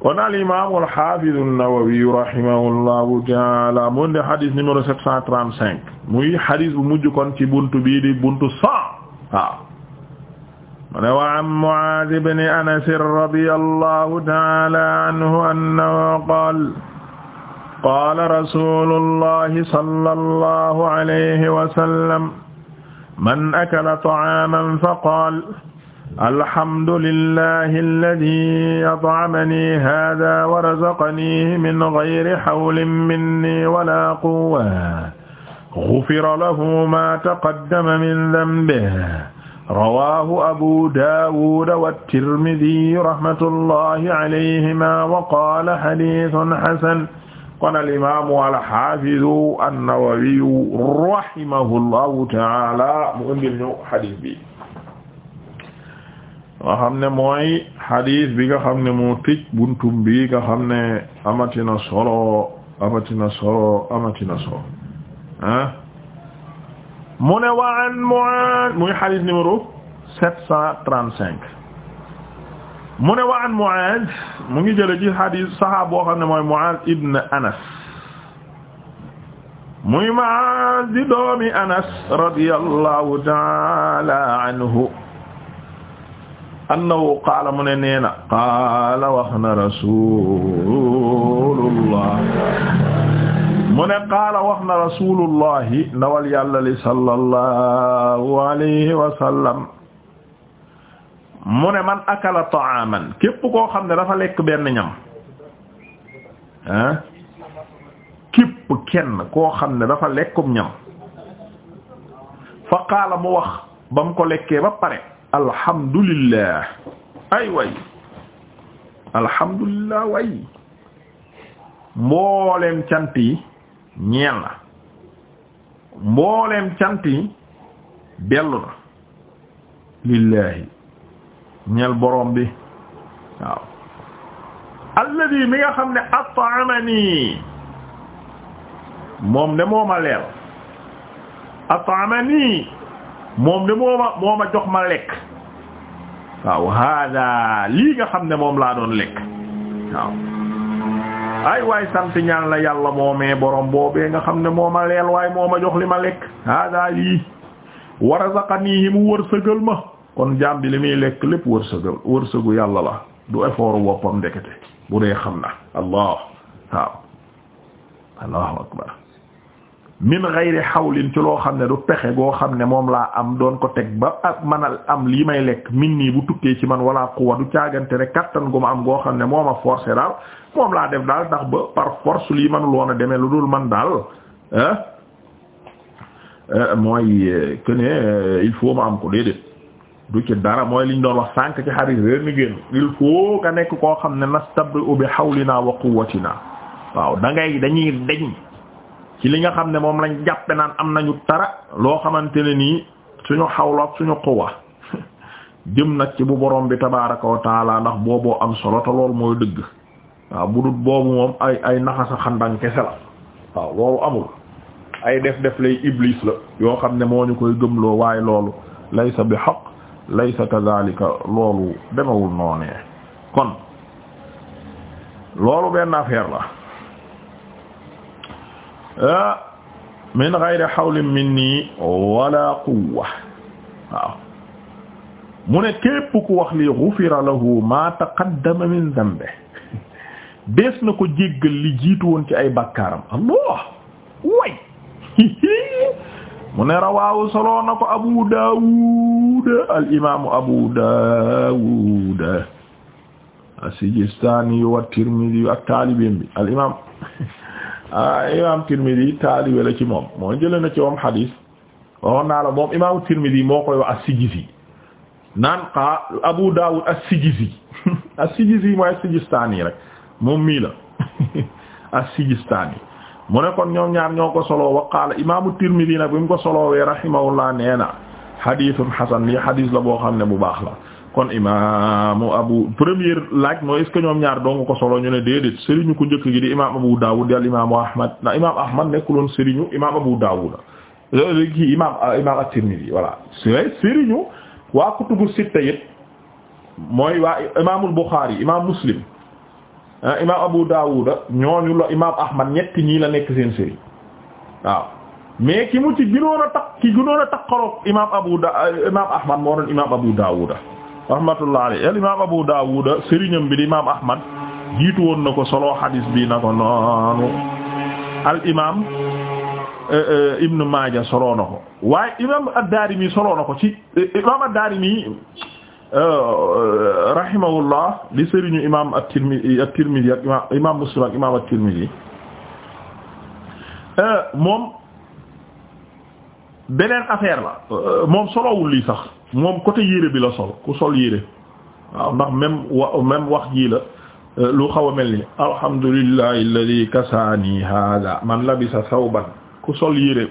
kon al imam al hafiz an-Nawawi rahimahullahu taala mu indi hadith numéro 735 muy hadith bu mujj kon ci buntu bii di buntu 100 waaw mu ne wa an Mu'adh ibn Anas radiyallahu taala anhu annahu qala qala rasulullahi sallallahu alayhi wa sallam man akala ta'aman faqala alhamdulillahi alladhi at'amani hadha wa razaqani min ghayri hawlin minni wala quwwa ghufira lahu ma taqaddama min dhanbihi rawahu abu daawuda wattirmidi rahmatullahi alayhima wa qaala hadiisun hasan kon alimaamu alxaafidu annawawiyu rahimahullahu taala mu indil ñu xadis bi nga xam ne mooy hadith bi nga xam ne moo tëj buntum bi nga xam ne amatina solo amatina solo amatina solo ah mu ne waan Mu'aaz muy hadith numéro sept cent trente-cinq mu ne waan Mu'aaz mu ngi jële ci hadith sahaaba boo xam ne mu Mu'aaz ibn Anas muy Mu'aaz ta'ala anhu annahu qaala mu ne nee na qaala wax na rasulullah mu ne qaala wax na rasulullahi ndawal li sallallahu alayhi wa sallam mu ne man akala ta'aman képp koo xam ne dafa lekk benn ñam ah képp kenn koo xam ne dafa lekkum ñam fa qaala mu wax ba mu ko lekkee ba pare alhamdulillah ay way alhamdulillah way mbooleem cant yi ñeel na mbooleem cant yi na lillahi ñeel boroom bi waaw alladi mi nga xam ne at'amani moom ne mooma leel at'amani moom de moo ma moo jox ma lekk waaw hada lii nga xam ne moom laa doon lekk waaw ay waay sant ñaan la yàlla moomee borom boobee nga xam ne moo ma leel waaye moo ma jox li ma lekk hada lii wa razaqanii yi mu wërsëgal ma kon jaam bi li muy lekk lépp wërsëgal wërsëgu yàlla la du effort boppam ndekete bu dee xam na allah waaw allahu akbar min gayri xawlin ci loo xam ne du pexe goo xam ne moom laa am doon ko teg ba ak man am lii may lekk min nii bu tukkee ci man wala quwa du caagante rek kattan gu ma am goo xam ne moo ma forcé daal moom laa def daal ndax ba par force lii manul woon demee lu dul man daal ah mooy euh, que ne euh, il faut ma am ko déedéet du ci dara mooy liñ doon wax sànk ci xarit réer ni génn il faut nga nekk koo xam ne nastabri'u bi xawlinaa wa quwwatinaa waaw da ngay dañuy deñ ci li nga xam ne moom lañ jàppe naan am nañu tara loo xamante ne nii suñu xawla ak suñu xuwa jëm nag ci bu borom bi tabaaraka wa taala ndax booboo am solo te loolu mooy dëgg waaw bu ay ay naxasa xandan kese ay def def lay la yoo xam ne moo koy gëmloo waaye loolu laysa bi xaq laysa kadhalika loolu demewul noonee kon loolu benn affaire la Ah, min ghayri hawlin minni wala quwwa waaw mu ne képp ku wax li ghufira lahu ma taqaddama min dhanbi bees na ko jéggal li jiitu woon ci ay bakkaaram allah way mu ne rawaawu solo na ko abu daawud al imaamu abu daawud as-sijistaani wa tirmidhi ak taalibeem bi al imaam ah imaam Tirmidi taalibe la ci moom moo jëlee na ci moom xadiis waxoon naa la moom imaam Tirmidi moo koy wax as-Sijizi naan xaa Abu Dawud as-Sijizi as-Sijizi mooy as-Sijistaani rek moom mii la as-Sijistaani mu ne kon ñoom ñaar ñoo ko soloo wa qaala imaamu Tirmidi nag bi mu ko soloowee rahimahullah nee na xadiisun xasan lii xadiis la boo xam ne bu baax la. kon imaamu abu premier laaj mooy is ce ñoom ñaar dong ko solo ñu ne déedéet sëriñu ku njëkk gi di imaam abu daawud di imaamu ahmad na imaam ahmad nekkuloon sëriñu imaam abu daawud kii euh, voilà sëriñu waa kutubu sitta yit mooy waa imaamul buxaari imaam muslim imaam abu daawud ñooñu la imaam ahmad ñetti ñii la nekk seen sëriñ waaw mais ki mu ci gënoon a takk ki gënoon a takkarook imaam abu da imaam ahmad moo doon imaam abu daawud rahmatullah alayhi al imam Abu Dawud sëriñam bi di imam Ahmad jiitu woon na ko solo hadis bi na ko noonu al imam eh, eh, Ibn Maaja solo na ko waaye imam ad-Daarimi solo na ko ci eh, imam ad-Daarimi rahimahullah di sëriñu imam at-Tirmidhi at-Tirmidhi imam imam Muslim ak imam at-Tirmidhi moom beneen affaire la moom solowul lii sax moom côté yére bi la sol ku sol yére waaw ndax même wax jii la euh, lu xaw a mel ni alhamdulillahi alladhi kasaani hada man labisa sawban ku sol yére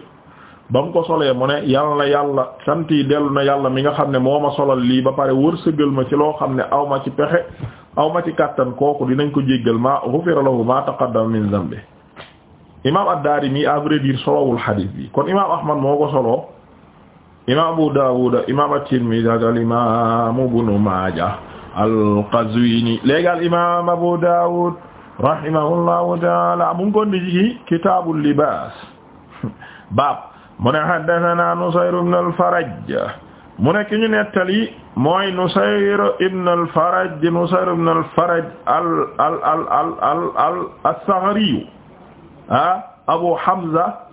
ba mu ko solee mu ne yàlla na yàlla sant yi dellu na yàlla mi nga xam ne moo ma solal lii ba pare wërsëgal ma ci loo xam ne aw ma ci pexe aw ma ci kàttan kooku dinañ ko jéggal maa ghufira lahu ma taqaddama min dhanbi imam ad-Daarimi à vrai solowul hadith bi kon imam Ahmad moo ko soloo imaam Abu Dawud imaam at-Tirmidhi ak al-imaam Ibnu Maaja al-Qazwiini léegi al-imaam Abu Dawud rahimahullahu ta'ala mu ngi ko indi ci kitaabul libaas baab mu ne haddathanaa Nusayr ibn al-Faraj mu ne ki ñu nettali mooy Nusayr ibn al-Faraj Nusayr ibn al-Faraj al al al al al al as-Saghri ah Abu Hamza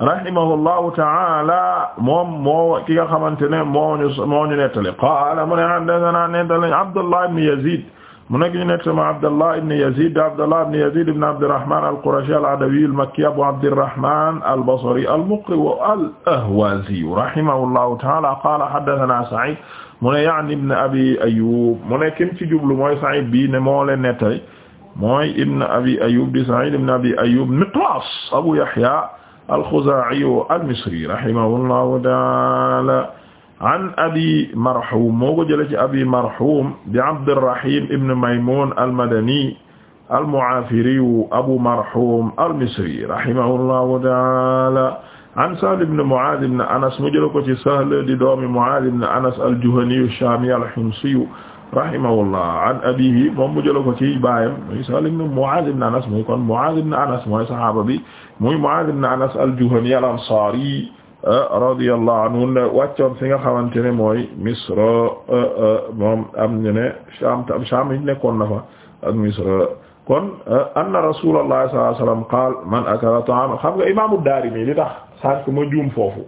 rahimahullahu ta'ala moom moo ki nga xamante ne moo ñu moo ñu nettali qaala mu ne haddathana nettali Abdullah ibn Yazid mu nekk ñu nettali Abdullah ibn Yazid Abdullah ibn Yazid ibn Abdurrahman al-Qurashi al-Adawi al-Makki Abu Abdirrahman al-Basri al-Muqri wa al-Ahwazi rahimahullahu ta'ala qaala haddathana Sa'id mu ne ya'ni ibn Abi Ayyub mu ne kim ci jublu mooy Sa'id bi ne moo leen nettali mooy ibn Abi Ayyub di Sa'id ibn Abi Ayyub Mitras Abu Yahya alxuzaa'iyu almisri rahimahullahu taala an abi marhum moo ko jëlee ci abi marhum di abdirrahim ibn maymun almadani almu'aafiriyu abu marhum almisri rahimahullahu taala an sahl ibn mu'aaz ibn anas mu jëlee ko ci sahl di doomi mu'aaz ibn anas aljuhaniyu shaami alhimsiyu rahimahullah an abihi moom mu jëla ko ci baayam muy Sahl ibn Mu'aaz ibn Anas muy kon Mu'aaz ibn Anas mooy sahaaba bi muy Mu'aaz ibn Anas al-Juhani al-Ansaari eh, radiyallahu anhu ne wàccoon fi nga xamante ne mooy Misra eh, eh, moom am ñu ne Sham tam Sham yi nekkoon na fa ak Misra kon anna Rasulullah sallallahu alayhi wasallam qaala man akala ta'aaman xam nga Imaamu Daarimi li tax sànq ma juum foofu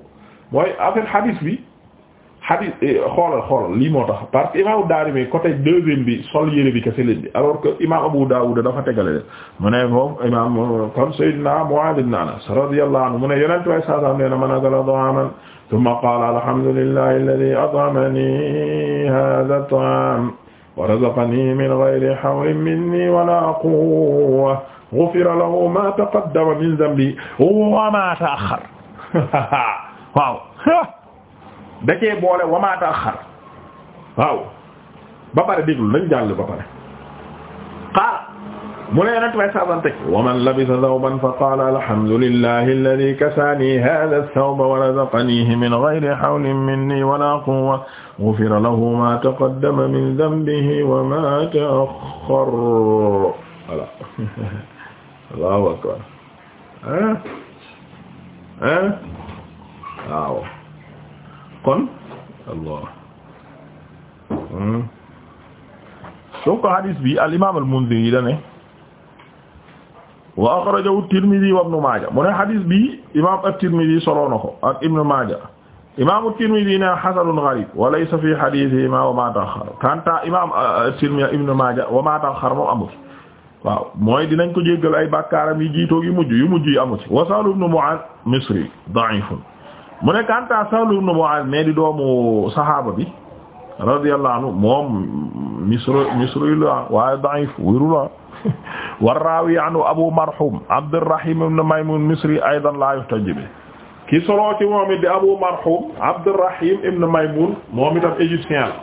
mooy affaire hadith bi hadis eh, xoolal xoolal lii moo tax parce que imaamu Daarimi côté deuxième bi sol yére bi kese leen bi alors que imaam Abu Daawud dafa tegale leen mu ne moom imaam kon Seydina Muaad ibn Anas radiyallahu anhu mu ne yonent way saasam nee na man akala ta'aaman thumma qaala alhamdulillahi alladhi at'amani hadha at-ta'aam wa razaqani min ghayri hawlin minni wa laa quwwa ghufira lahu ma taqaddama min dhanbi wa ma ta'akhkhar waaw da cee boole wamaata xar waaw ba pare déglu nañ jàll ba pare qaala mu ne yonent may sasan teg waman labisa thawban fa qaala alhamdulillahi alladhi kasaani hadha ath-thawba wa razaqanihi min ghayri hawlin minni wala quwwa ghufira lahu ma taqaddama min dhanbihi wa ma ta'akhkhar voilà allahu akbar ah ah waaw kon allah donc hmm. hadith bi al imaam al Mundhiri da ne wa akhrajahu at-Tirmidhi wa Ibn Majah mu ne hadith bi imaam at-Tirmidhi soloo na ko ak Ibn Majah imaam at-Tirmidhi ne hasanun gharib wa laysa fi hadithihi ma wa ma ta'akhkhara kanta imaam at-Tirmidhi uh, uh, Ibn Majah wa ma ta'akhkhara moom amu ci waaw mooy dinañ ko jéggal ay bàkkaaram yi jiitoog yu mujj yu mujj yi amu ci wa Sahl ibn Mu'adh Misri da'ifun mu ne kanta Sahl ibn Mu'adh mais di doomu saxaaba bi radiyallahu anhu moom misr misri la waaye da'if wéru la war rawi anhu Abu Marhum Abdurrahim ibn Maymun misri aydan la yuhtaj bi ki solo ci moom it di Abu Marhum Abdurrahim ibn Maymun moom itam égyptien la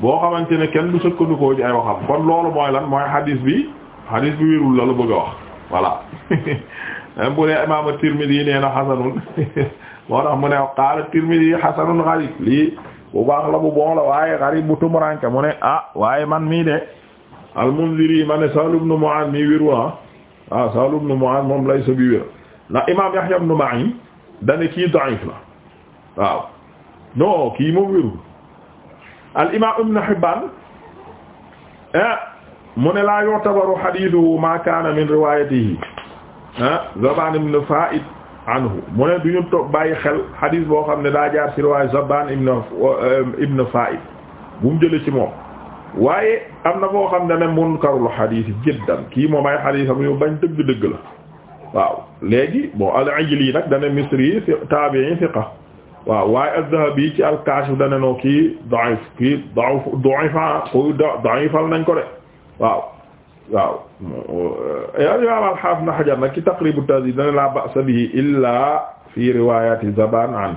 boo xamante ne kenn du sëkkandikoo ci ay waxam kon loolu mooy lan mooy hadis bi hadis bi wérul la lu bëgg a wax voilà bu dee imaam Tirmidhi nee na hasanul moo tax mu ne qaala Tirmidhi hasanun gharib lii bu bu bon waaye gharib bu tumuranke mu ne ah waaye man mii de al-Mundhiri ma ne Sahl ibn Mu'adh mii wéru ah ah Sahl ibn Mu'adh moom lay bi wér ndax imaam Yahya ibn Ma'in dane kii da'if la waaw kii moom wérul al imaam Ibn Hibban ah, mu ne laa yu'tabaru hadithuhu ma kaana min riwayatihi ah Zabaan ibn anhu mu ne du bàyyi xel xadiis boo xam ne daa jaar ci riwaaya Zabbaan ibn euh, ibn Faa'il bu mu jëlee ci moom waaye am na boo xam ne ne munkarul xadiis jiddan kii moom ay xadiisam yu bañ dëgg-dëgg la waaw léegi bon al-Ijli nag dana misri yi thiqa waaw waaye az-Zahabi ci al-Kaashif dana noo kii da'if kii da'if da'ifa ko nañ ko de waaw waaw imam al-Hafiz na Hajar nag ci Taqrib at-Tahdhib la ba'sa bihi illa fi riwayati Zaban an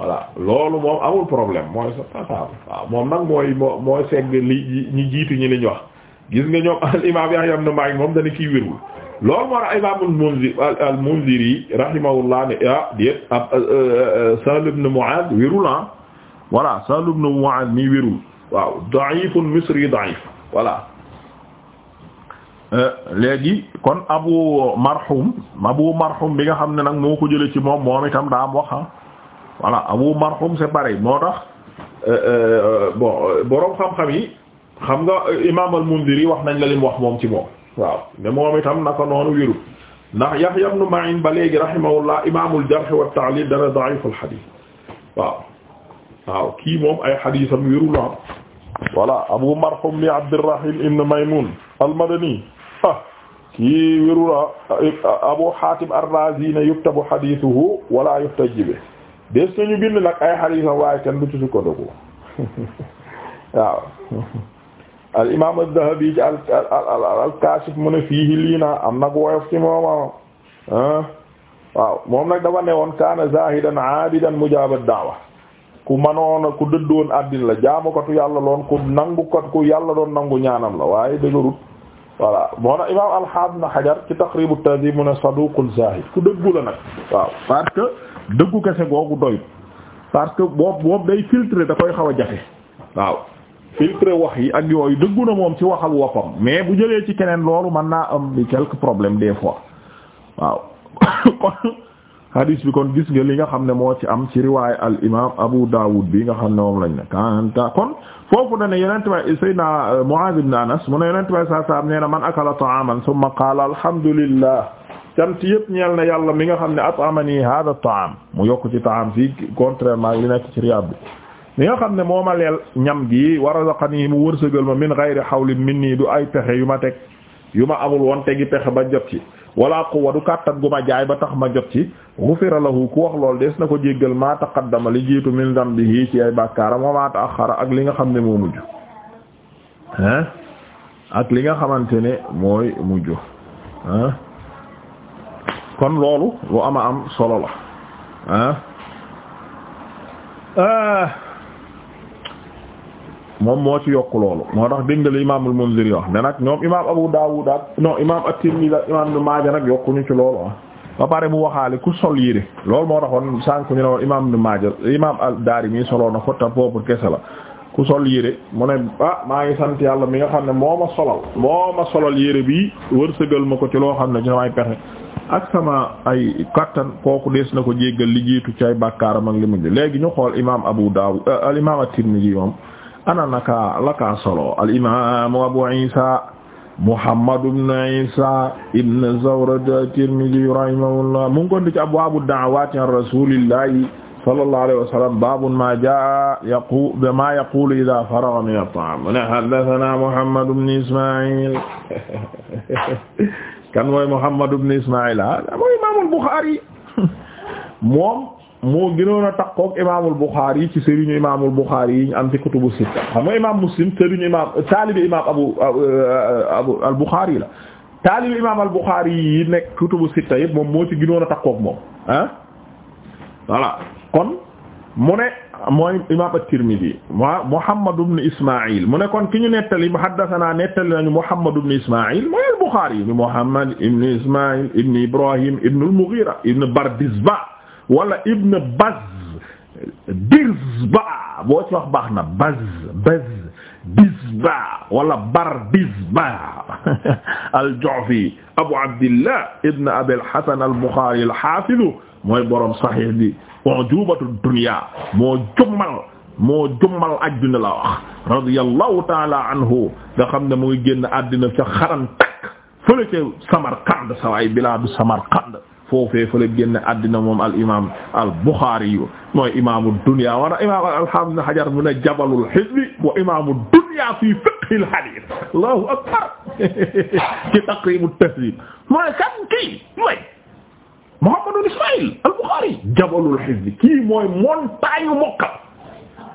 voilà loolu moom amul problème moom nag mooy moo mooy segg li ñi jiitu ñi li ñu wax gis nga ñoom al imam Yahya ibn Ma'in moom dana kii wérul loolu moo tax al-Munziri al-Munziri rahimahullah ne ah déet ab euh, euh, Sahl ibn Mu'adh wérul ah voilà Sahl ibn Mu'adh mii wérul waaw da'ifun misri da'if voilà Euh, léegi kon abu marhum abu marhum bi nga xam ne nag moo ko jële ci moom moom itam daa am wax ah voilà abu marhum c'est pareil moo tax euh, euh, bon xam-xam yi xam nga imaam al-Mundiri wax nañ la lim wax moom ci moom waaw ne moom itam naka noonu wéru ndax Yahya ibn Ma'in ba léegi rahimahullah imaamul jarh wa ta'dil dana da'iful hadith waaw waaw kii moom ay haditham wéru la ah. voilà abu marhum li Abdurrahim ibn Maymun al kii wérula Abu Hatim ar-Razi ne yuktabu hadithuhu wala yuhtajju bihi des nañu bind nag ay xadiisam waaye kenn du ci sukkandiku waaw al imaam az-Zahabi ci al al al Kaashif mu ne fiihi liina am nag woyof ci moom ah. waaw moom nag dafa ne woon kaana zaahidan aabidan mujaaba da'wa ku manoon ku dëddoon àddina la jaamukatu yàlla loon ku nangukat ku yàlla doon nangu ñaanam la waaye dëgërut voilà moo na imam alxaam na xajar ci taqribu tahdib mu ne saduqul zahid ku dëggu la nag waaw parce que dëggu kese googu doy parce que boobu boobu day filtrer da koy xaw a jafe waaw filtrer wax yi ak yooyu dëggu na moom ci waxal woppam mais bu jëlee ci keneen loolu mën naa am bi quelques problèmes des fois waaw hadis bi kon gis nga li nga xam ne moo ci am ci riwaay al imam Abu Dawud bi nga xam ne moo lañ ne kanta kon foofu na ne yonent bi Seydina euh, Muaz ibn Anas mu ne yonent bi nee na man akala ta'aman thumma qaala alhamdulillah cant yëpp ñeel na yàlla mi nga xam ne at'amani hada ta'am mu yokk ci ta'am fii contrairement li nekk ci riwaay bi mi nga xam ne moo ma leel ñam gi wa razaqani mu wërsëgal ma min ghayri hawlin minni du ay pexe yu ma teg yu ma amul woon tegi pexe ba jot ci wala quwwa du kàttan gu ma jaay ba tax ma jot ci ghufira lahu ku wax lool des na ko jéggal maa taqaddama li jiitu min dambihi ci ay bàkkaaram wa ma xara ak li nga xam ne moo mujj hein ak li nga xamante ne mooy mujj hein kon loolu lu ama am solo la hein ah. moom moo ci yokk loolu moo tax dégg nga li imaamul Munziri yi wax ne nag ñoom imaam Abu Daawud ak non imaam At-Tirmidhi imaam Ibn Maaja nag yokkuñu ci loolu ah. ba pare mu waxaale ku sol yére loolu moo taxoon sànq ñu ne woon imaam Ibn Maaja imaam soloo na ko te kese la ku sol yére mu ne ah maa ngi sant yàlla mi nga xam ne moo ma solal moo ma solal yére bi wërsëgal ma ko ci loo xam ne ci samay pexe ak sama ay kattan kooku des na ko jéggal li jiitu ci ay bàkkaaram ak li mujj léegi ñu xool imaam Abu Daawud euh, al imaam At-Tirmidhi moom. ana naka laka solo al imam abu isa muhammad ibn isa ibn zawrad at-tirmidhi rahimahullah mu ngi ko ndi ci abwaabu da'awaati an rasulillahi sallallahu alayhi wa sallam babu ma jaa yaqu ma yaqulu idha faragha min at-ta'am ne haddathana muhammad ibn isma'il kan mooy muhammad ibn isma'il ah, mooy imam al-bukhari moom moo gënoon a takkook imaamul Bukhari ci sëriñu imaamul Bukhari yi ñu am ci kutubu sitta xam nga imaam Muslim sëriñu imaam taalibi imaam abu abu al Bukhari la taalibi imaam al Bukhari yi nekk kutubu sitta yëpp moom moo ci gënoon a takkook moom ah. voilà kon mu ne mooy imaam at-Tirmidhi wa Muhammad ibn Isma'il mu ne kon ki ñu nettali haddathana nettali nañu Muhammad ibn Isma'il mooy al Bukhari ibn Muhammad ibn Isma'il ibn Ibrahim ibn al-Mughira ibn Bardizba wala ibn baz Dizba boo ci wax baax na baz baz Dizba wala bar Dizba al-Ju'fi Abu Abdillah ibn Abi al-Hasan al-Bukhari al-Hafiz mooy borom Sahih bi Ujubatud Dunya moo jummal moo jummal adduna la wax radiyallahu ta'ala anhu nga xam ne muy génn adduna ca xaram takk fële ca Samarqand sa waay bilaadu Samarqand foofee fa la génn àddina moom al imaam al Buxaari yu mooy imaamu dunya wa imaam alhamdulilah Hajar mu ne jabalul hizbi wa imaamu dunya fi fiqhil hadiis Allahu akbar ci Taqriib at-Tahziib mooy kan kii mooy Muhammadun Ismaayil al Buxaari jabalul hizbi kii mooy montagne mokkal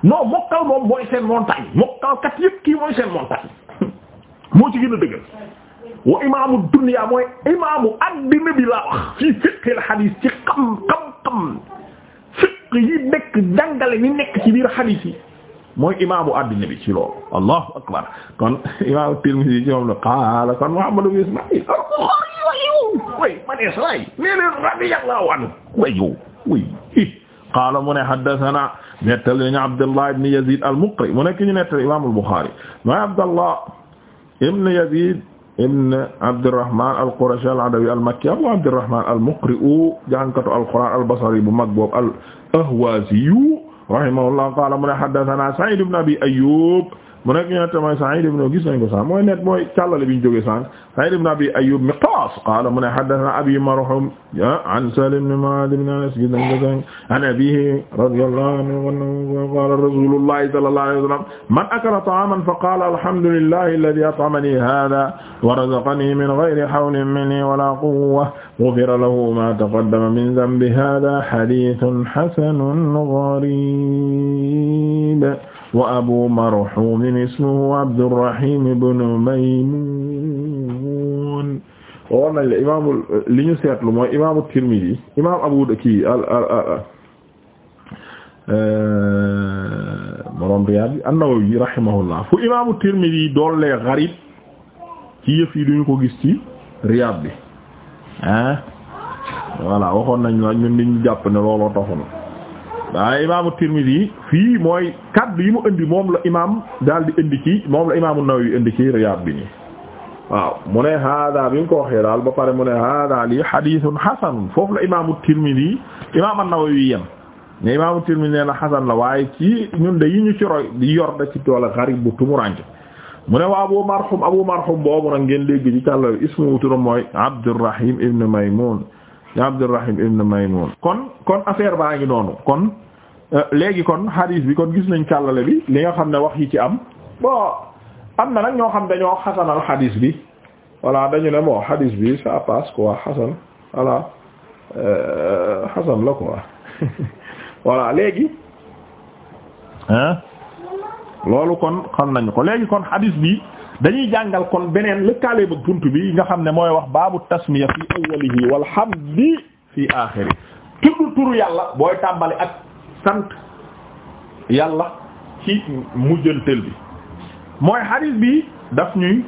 non mokkal moom mooy seen montagne mokkal kat yëpp kii mooy seen montagne moo ci gën a dëgër wa imaamu dunya mooy imaamu addina bi laa wax fii fiqhil xadiis ci xam xam xam fiq yi nekk jàngale ni nekk ci biir xadiis yi mooy imaamu addina bi ci loolu allahu akbar kon imaamu Tirmidhi ci moom la qaala kon Muhammadu bi Ismaayil way man Israaïl nee leen radiyallahu anhu way yow way qaala mu ne haddathana nettali nañu Abdullah ibn Yazid al-Muqri mu nekk ñu nettali imaamul Bukhari mooy Abdullah ibn Yazid ibn Abdurrahman al-Qurashi al-Adawi al-Makki Abu Abdurrahman al-Muqri'u jànkatu al-Qur'an al-Basri bu mag boobu al-Ahwazi rahimahullah qala mu ne haddathana Sa'id ibn Abi Ayyub mu nekk ñu nette mooy Sa'id ibn gis nañ ko sànq mooy net mooy càllale bi ñu jógee sànq Sa'id ibn Abi Ayyub Miqas qala mu ne haddathana Abi Marhum ah, an Salim ibn Ma'ad ibn Anas gis nañ ko sànq an abihi radiyallahu anhu qala rasulullahi sallallahu alayhi wa sallam man akala ta'aman fa qala alhamdulillahi alladhi at'amani hadha wa razaqani min ghayri hawlin minni wala quwwa ghufira lahu ma taqaddama min dhanbi hadha hadithun hasanun gharib wa abu marhuumin ismuhu abdurrahim ibn maymuun woon nañ la imaamul li ñu seetlu mooy imaamu tirmidi imaam abu kii al al euh, borom riyaad bi an-nawawi rahimahullah fu imaamu tirmidi doollee garib ci yëf yi duñu ko gis ci riyaad bi ah voilà waxoon nañ la ñun liñ jàpp ne looloo taxoon waaye imaamu Tirmidhi fii mooy kaddu yi mu indi moom la imaam daal di indi ci moom la imaamu Nawawi indi ci Riyaad bi nii waaw mu ne hada bi nga ko waxee daal ba pare mu ne hada lii hadithun hasan foofu la imaamu Tirmidhi imaam an-Nawawi yem ne imaamu Tirmidhi nee na hasan la waaye ci ñun de yi ñu ci roy di yor ci tool gharib bu tumuranke mu ne waa abu marhum abu marhum boobu nag ngeen dégg ci tàllal ismu mooy Abdurrahim ibn Maymun Abdurrahim ibn Maymun kon kon affaire baa ngi noonu kon euh, léegi kon hadith bi kon gis nañ càllale bi li nga xam ne wax yi ci am bon am na nag ñoo xam dañoo xasanal hadith bi voilà dañu ne bon hadith bi ça passe quoi xasan voilà euh, xasan la quoi voilà léegi hein loolu kon xam nañ ko léegi kon hadith bi dañuy jàngal kon beneen lëkkaale ba buntu bi nga xam ne mooy wax baabu tasmiya fi awwalihi wal hamdi fi aaxiri tudd turu yàlla booy tàmbali ak sant yàlla ci mujjantel bi mooy hadis bi daf ñuy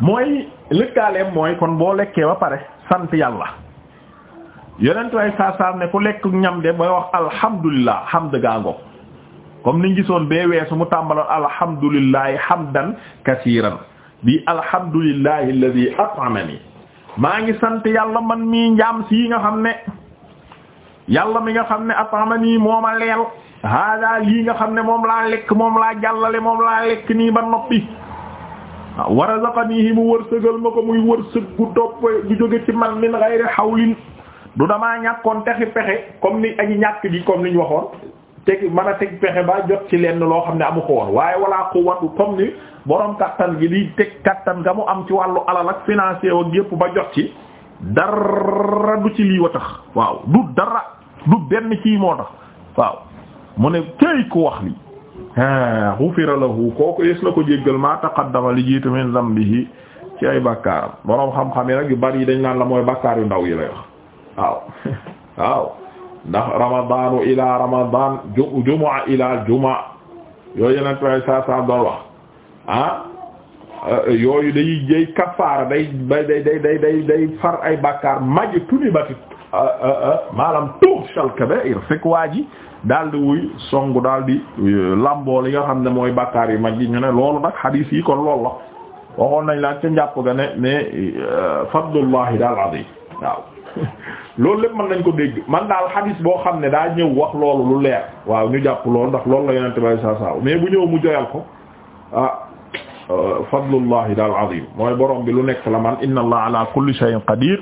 mooy lëkkaaleem mooy kon boo lekkee ba pare sant yàlla yeneen way saa ne ku lekk ñam de booy wax alhamdulillah xam gaango comme niñ gisoon bee weesu mu tàmbaloon alhamdulillahi hamdan kasiiran bi alhamdulillahi alladhi at'amani maa ngi sant yàlla man mii njaam sii nga xam ne yàlla mi nga xam ne at'amani moo ma leel hada lii nga xam ne moom laa lekk moom laa jàllale moom laa lekk nii ba noppi wa razaqanihi mu wërsëgal ma ko muy wërsëg gu dopp gu jóge ci man min ghayri hawlin du damaa ñàkkoon texi pexe comme ni aji ñàkk gi comme niñ waxoon teg man a teg pexe ba jot ci lenn loo xam ne amu ko woon waaye walaa ko watu comme ni borom kattan gi di teg kàttan nga mu am ci wàllu alal ak financier ak yépp ba jot ci dara du ci lii wa tax waaw du dara du benn ci moo tax waaw mu ne këy ku wax li xufira lahu kooku yées na ko jéggal ma taqaddama liggéey tamit min zambihi ci ay bàkkaaram boroom xam-xam yi nag yu bari yi dañ naan la mooy bàkkaar yu ndaw yi la wax waaw waaw ndax ramadanu ila ramadan jumaa ila jumaa yooyu yeneen way sa sa doon wax ah eh, yooyu day day kafaara day day day day day day far ay bàkkaar maji tuni batit eh, eh, maanaam tuuxal kabair fekk waa ji daal di wuy songu daal di lamboo li nga xam ne mooy bàkkaar yi mag yi ñu ne loolu nag xadiis yi kon loolu la waxoon nañ la ca njàpp ga ne ne fadlullahi daal azim waaw loolu lépp man nañ ko dégg man daal xadis boo xam ne daa ñëw wax loolu lu leer waaw ñu jàpp loolu ndax loolu la yonente bay saa saa mais bu ñëw mu joyal ko ah euh, fadlullahi daal azim mooy borom bi lu nekk la man inna allah ala kulli shay'in qadir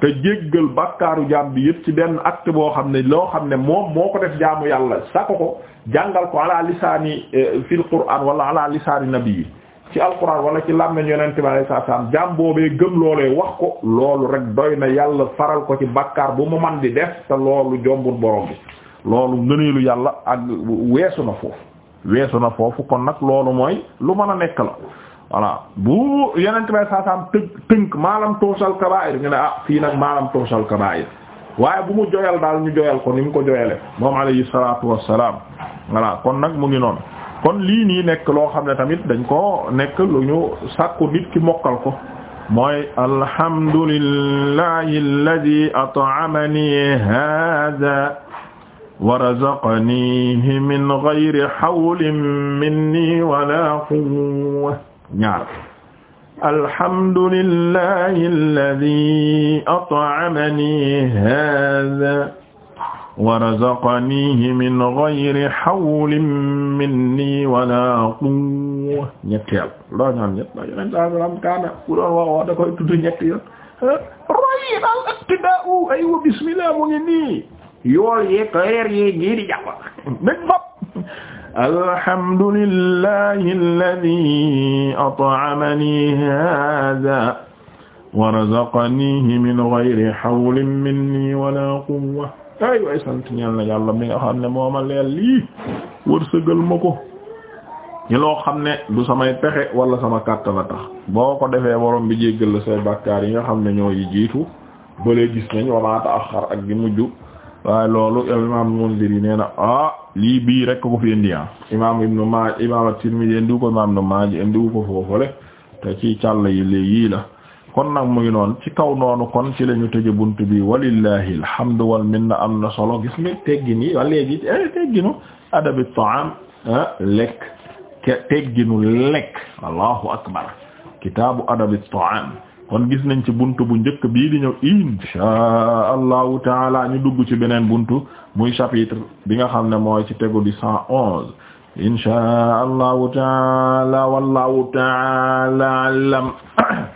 te jéggal bàkkaaru jaam bi ci benn acte boo xam ne loo xam ne moom moo ko def jaamu yàlla sako ko jàngal ko ala lisaani euh, fil qur'an wala ala lisaani nabi ci alquran wala ci làmmeñ yonente bi alayhi salaam jaam boobee gën loolee wax ko loolu rek doy na yàlla faral ko ci bàkkaar bu mu man di def te loolu jombul borom bi loolu ngëneelu yàlla ak weesu na foofu weesu na foofu kon nag loolu mooy lu mën a nekk la voilà bu yonente bi alayhi salaam tënk tënk maalam toosal kabaa'ir ñu ne ah fii nag maalam toosal kabaa'ir waaye bu mu joyal daal ñu joyal ko ni mu ko joyale moom alayhi salaatu wassalaam voilà kon nag mu ngi noonu kon lii nii nekk loo xam ne tamit dañ ko nekk lu ñu sàkku nit ki mokkal ko mooy alhamdulillahi alladi at'amani hada wa razaqanihi min ghayri hawlin minni wala quwwa ñaar alhamdulillahi alladi at'amani hada wa razaqanihi min ghayri hawlin minni wala quwwa ñetteel loo ñaan ñett ndax yeneen saa yi am kaana ku doon wax wax da koy tudd ñett yoon roy al ibtidaa'u aywa bismillah mu ngi nii yool yeeg reer yeeg yi di jàpp nañ bopp alhamdulillahi alladhi at'amani hadha wa razaqanihi min ghayri hawlin minni wala quwwa ay way sant ñeel na yàlla mi nga xam ne moo ma leel lii wërsëgal ma ko ñu loo xam ne du samay pexe wala sama kàttan tax boo ko defee borom bi jéggal la say bàkkaar yi nga xam ne ñoo yi jiitu bële gis nañ wamaata ak xar ak gi mujj waaye loolu imam Mundiri yi nee na ah lii bii rek ko fi indi ah imam Ibnu Maaja imam At-Tirmidhi indi ko imam Ibnu Maaja indi ko foofule te ci càll yi la yii la kon nag muy noonu ci kaw noonu kon ci la ñu tëje bunt bi walillahi alhamdu wal minna am na solo gis nga teggin yi wala léegi eh, tegginu adabi ta'am eh, lekk tegginu lekk allahu akbar kitaabu adabi ta'am kon gis nañ ci bunt bu njëkk bii di ñëw inshaa allahu taala ñu dugg ci beneen buntu muy chapitre bi nga xam ne mooy ci tegu di cent onze inshaa allahu taala wallahu taala alam